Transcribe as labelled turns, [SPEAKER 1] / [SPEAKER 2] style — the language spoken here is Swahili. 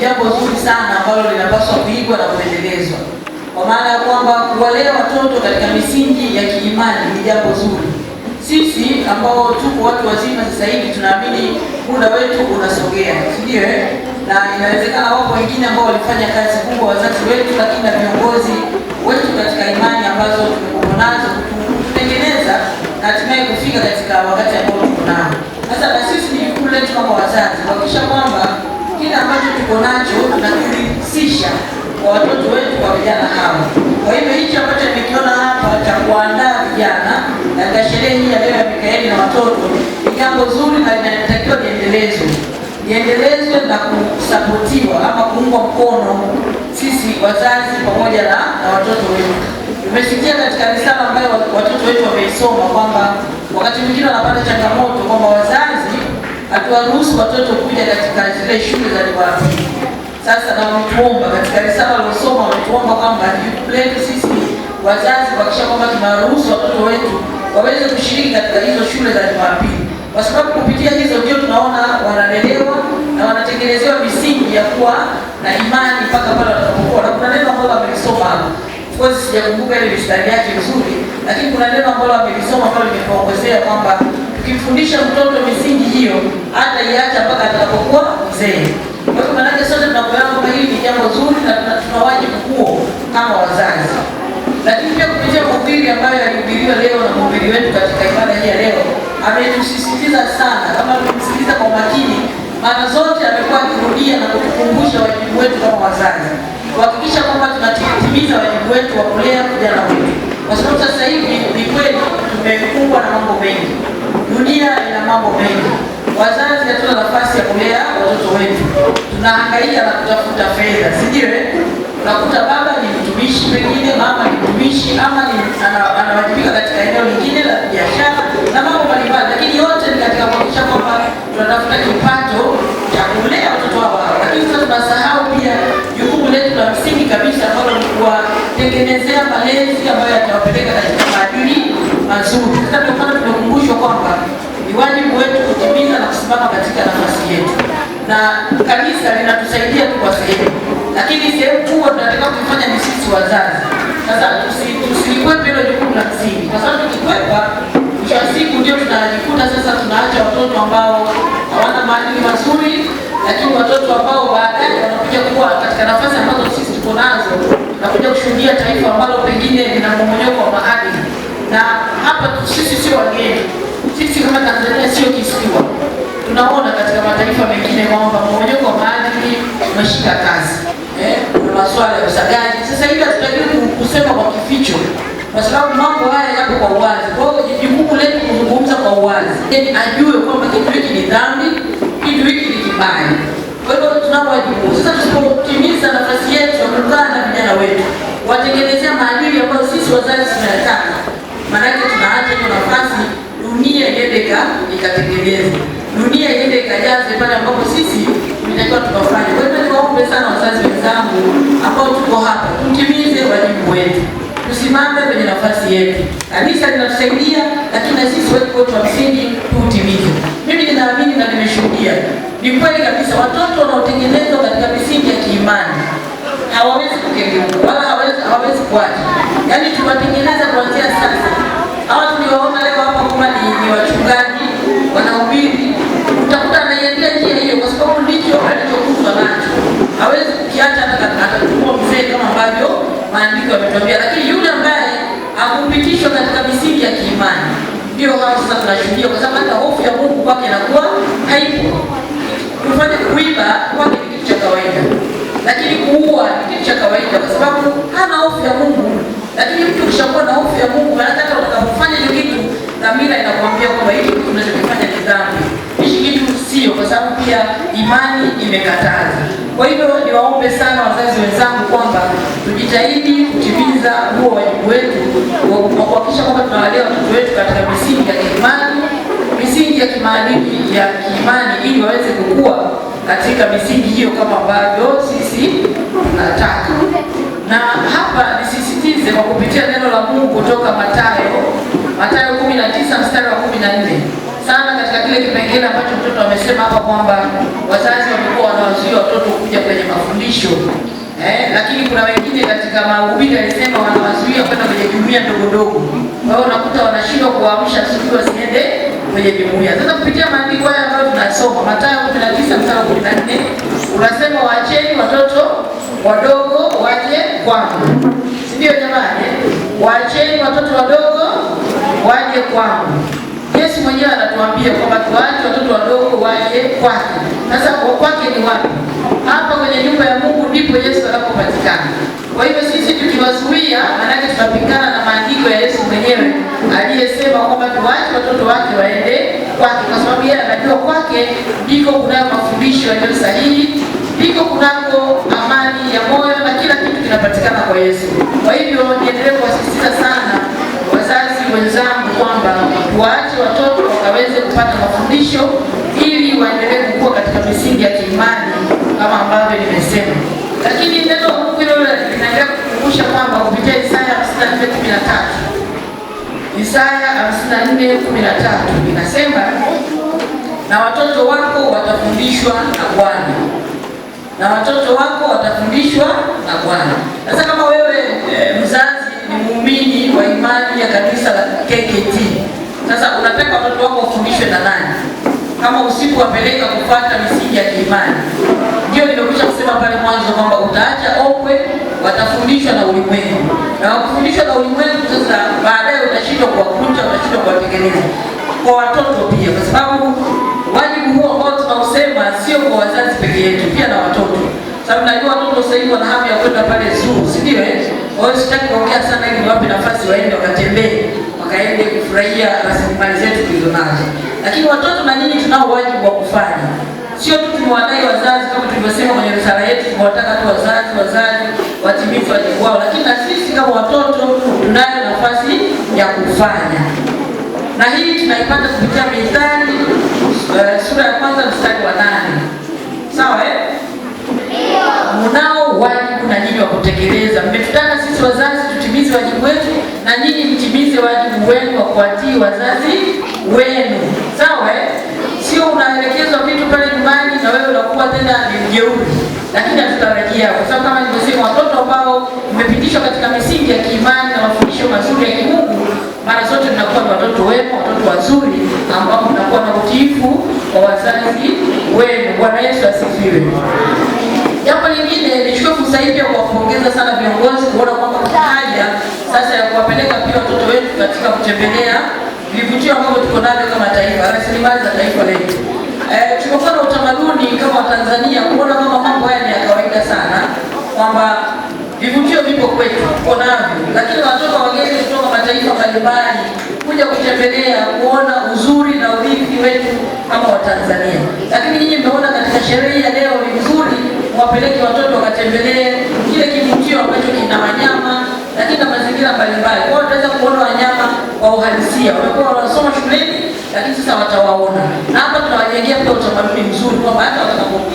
[SPEAKER 1] jambo zuri sana ambalo linapaswa kuigwa na kuendelezwa, kwa maana ya kwamba kuwalea watoto katika misingi ya kiimani ni jambo zuri. Sisi ambao tuko watu wazima sasa hivi tunaamini muda wetu unasogea, si ndio? Eh? Na inawezekana wapo wengine ambao walifanya kazi kubwa, wazazi wetu, lakini na viongozi wetu katika imani ambazo tumekuwa nazo kutengeneza na hatimaye kufika katika wakati ambao tuko nao sasa. Na sisi ni jukumu letu kama wazazi kuhakikisha kwamba kile ambacho tuko nacho tunakihusisha kwa watoto wetu, kwa vijana hawa. Kwa hivyo hichi ambacho nimekiona hapa cha kuandaa vijana katika sherehe hii ya leo ya Mikaeli na watoto ni jambo zuri na linatakiwa liendelezwe, liendelezwe na kusapotiwa ama kuungwa mkono sisi wazazi pamoja na, na watoto wetu. Tumesikia katika risala ambayo watoto wetu wameisoma kwamba wakati mwingine wanapata changamoto kwamba wazazi hatuwaruhusu watoto kuja katika zile shule za Liwalo. Sasa na wametuomba katika risala waliosoma, wametuomba kwamba jukumu letu sisi wazazi kuhakikisha kwamba tunawaruhusu watoto wetu waweze kushiriki katika hizo shule za Jumapili, kwa sababu kupitia hizo ndio tunaona wanalelewa na wanatengenezewa misingi ya kuwa na imani mpaka pale watakapokuwa. Na kuna neno ambalo amelisoma hapo, of course sijakumbuka ile mistari yake vizuri, lakini kuna neno ambalo amelisoma pale limetuongezea kwamba ukimfundisha mtoto misingi hiyo hata iacha mpaka atakapokuwa mzee. Kwa hiyo maanake sote tunakuelewa kwamba hili ni jambo zuri na tuna wajibu huo kama wazazi, lakini pia kupitia mhubiri ambayo alihubiriwa leo na mhubiri wetu katika ibada hii ya leo ametusisitiza sana, kama tumsikiliza kwa makini, mara zote amekuwa akirudia na kutukumbusha wajibu wetu kama wazazi kuhakikisha kwamba tunatimiza wajibu wetu wa kulea vijana wetu, kwa sababu sasa hivi ni kweli tumekumbwa na mambo mengi Dunia ina mambo mengi, wazazi hatuna nafasi ya kulea watoto wetu, tunahangaika na kutafuta fedha, si ndio? Eh? Unakuta baba ni mtumishi, pengine mama ni mtumishi, ama anawajibika katika eneo lingine la biashara na mambo mbalimbali, lakini yote ni katika kuhakikisha kwamba tunatafuta kipato cha kulea watoto wao. na kanisa linatusaidia kwa sehemu, lakini sehemu kubwa tunataka kufanya ni sisi wazazi. Sasa tusilikwepe hilo jukumu la msingi, kwa sababu tukikwepa, mwisho wa siku ndio tunajikuta sasa tunaacha watoto ambao hawana maadili mazuri, lakini watoto ambao baadaye wanakuja kuwa katika nafasi ambazo sisi tuko nazo na kuja kushuhudia taifa ambalo pengine lina mmomonyoko wa maadili. Na hapa sisi sio wageni, sisi kama Tanzania sio kisiwa Tunaona katika mataifa mengine kwamba mmoja kwa maadili umeshika kazi eh, kuna masuala ya usagaji. Sasa hivi hatutakiwi kusema kwa kificho, kwa sababu mambo haya yako kwa uwazi. Kwa hiyo jukumu letu kuzungumza kwa uwazi, yani ajue kwamba kitu hiki ni dhambi, kitu hiki ni kibaya. Kwa hiyo tunao wajibu sasa, tusipotimiza nafasi yetu ya kukaa na vijana wetu watengenezea maadili ambayo sisi wazazi tunayataka, maanake tunaacha hiyo nafasi dunia iende ikatengeneza dunia iende ikajaze pale ambapo sisi tunatakiwa tukafanya. Kwa hiyo niwaombe sana wazazi wenzangu ambao tuko hapa, tutimize wajibu wetu, tusimame kwenye nafasi yetu. Kanisa linatusaidia, lakini na sisi wetu wetu wa msingi tuutimize. Mimi ninaamini na nimeshuhudia, ni kweli kabisa, watoto wanaotengenezwa katika misingi ya kiimani hawawezi kukengeuka wala hawawezi, hawawezi kuacha. Yaani tuwatengeneza kuanzia sasa. Hawa tuliwaona leo hapa, kama ni wachungaji wana anaendea njia hiyo, kwa sababu ndicho alichokuzwa nacho. Hawezi kukiacha, atachukua mzee kama ambavyo maandiko yametuambia. Lakini yule ambaye akupitishwa katika misingi ya kiimani, ndio wao sasa tunashuhudia, kwa sababu hata hofu ya Mungu kwake inakuwa haipo. Kufanya kuiba kwake ni kitu cha kawaida, lakini kuua ni kitu cha kawaida, kwa sababu hana hofu ya Mungu. Lakini mtu kishakuwa na hofu ya Mungu, hata utakapofanya hiyo kitu, dhamira inakuambia kwamba hili tunachokifanya kwa sababu pia imani imekataza. Kwa hivyo niwaombe sana wazazi wenzangu kwamba tujitahidi kutimiza huo wajibu wetu wa kuhakikisha kwamba tunawalea watoto wetu katika misingi ya imani, misingi ya kimaadili ya kiimani, ili waweze kukua katika misingi hiyo kama ambavyo sisi tunataka. Na hapa nisisitize kwa kupitia neno la Mungu kutoka Mathayo, Mathayo 19 mstari wa 14 sana katika kile kipengele ambacho mtoto amesema hapa kwamba wazazi walikuwa wanawazuia watoto kuja kwenye mafundisho eh, lakini kuna wengine katika mahubiri alisema wanawazuia kwenda kwenye jumuiya ndogo ndogo. Kwa hiyo unakuta wanashindwa kuwaamsha asubuhi wasiende kwenye jumuiya. Sasa kupitia maandiko haya ambayo tunasoma Mathayo 19 mstari wa 14 unasema waacheni watoto wadogo waje kwangu, si ndio jamani? Waacheni watoto wadogo waje kwangu mwenyewe anatuambia kwamba tuache watoto wadogo waje kwake. Sasa kwa kwake ni wapi? Hapa kwenye nyumba ya Mungu ndipo Yesu anapopatikana. Kwa hivyo sisi tukiwazuia, maanake tunapikana na maandiko ya Yesu mwenyewe aliyesema kwamba tuache watoto wake waende kwake, kwa sababu yeye anajua kwake ndiko kunayo mafundisho yaliyo sahihi, ndiko kunako amani ya moyo na kila kitu kinapatikana kwa Yesu. Kwa hivyo niendelee kuwasisitiza sana wazazi wenzangu kwamba tuache waweze kupata mafundisho ili waendelee kukua katika misingi ya kiimani kama ambavyo nimesema. Lakini neno Mungu hilo linaendelea kukumbusha kwamba kupitia Isaya 54:13, Isaya 54:13 inasema, na watoto wako watafundishwa na Bwana, na watoto wako watafundishwa na Bwana. Sasa kama wewe eh, mzazi ni muumini wa imani ya kanisa la KKT sasa unataka watoto wako wafundishwe na nani kama usiku wapeleka kufuata misingi ya kiimani? Ndio nimekwisha kusema pale mwanzo kwamba utaacha okwe, watafundishwa na ulimwengu, na wakufundishwa na ulimwengu, sasa baadaye utashindwa kuwakunja, utashindwa kuwatengeneza kwa watoto pia, kwa sababu wajibu huo ambao tunausema sio kwa wazazi peke yetu, pia na watoto sababu najua watoto sasa hivi wana hamu ya kwenda pale zoo, si ndio? Eh, wao sitaki kuongea sana, ili niwape nafasi waende wakatembee wakaende kufurahia rasilimali zetu tulizonazo. Lakini watoto na nini, tunao wajibu wa kufanya, sio tu tumewadai wazazi. Kama tulivyosema kwenye risala yetu, tumewataka tu wazazi, wazazi watimize wajibu wao, lakini na sisi kama watoto tunayo nafasi ya kufanya, na hii tunaipata kupitia Mithali uh, sura ya kwanza mstari wa nane. Sawa eh? Mnao kwa kutekeleza. Mmetutaka sisi wazazi tutimize wajibu wetu, na nyinyi mtimize wajibu wenu kwa kuwatii wazazi wenu, sawa? Eh? Sio unaelekezwa vitu pale nyumbani na wewe unakuwa tena ni mjeuri, lakini hatutarajia, kwa sababu kama nilivyosema, watoto ambao mmepitishwa katika misingi ya kiimani na mafundisho mazuri ya Kimungu, mara zote mnakuwa ni watoto wema, watoto wazuri ambao mnakuwa na utiifu kwa wazazi wenu. Bwana Yesu asifiwe. Jambo lingine, nichukue fursa hii pia kuwapongeza sana viongozi kuona kwamba haja sasa ya kuwapeleka pia watoto wetu katika kutembelea vivutio ambavyo tuko navyo kama taifa, rasilimali za taifa letu. Eh, tumekuwa na utamaduni kama Tanzania kuona kama mambo haya ni ya kawaida sana kwamba vivutio vipo kwetu, tuko navyo, lakini watoto wageni kutoka mataifa mbalimbali kuja kutembelea kuona uzuri na urithi wetu kama Watanzania. wapeleke watoto wakatembelee kile kivutio ambacho kina wanyama lakini na mazingira mbalimbali. Kwa hiyo wataweza kuona wanyama wa uhalisia, Wamekuwa wanasoma shuleni, lakini sasa watawaona, na hapa tunawajengea pia utamaduni mzuri kwamba hata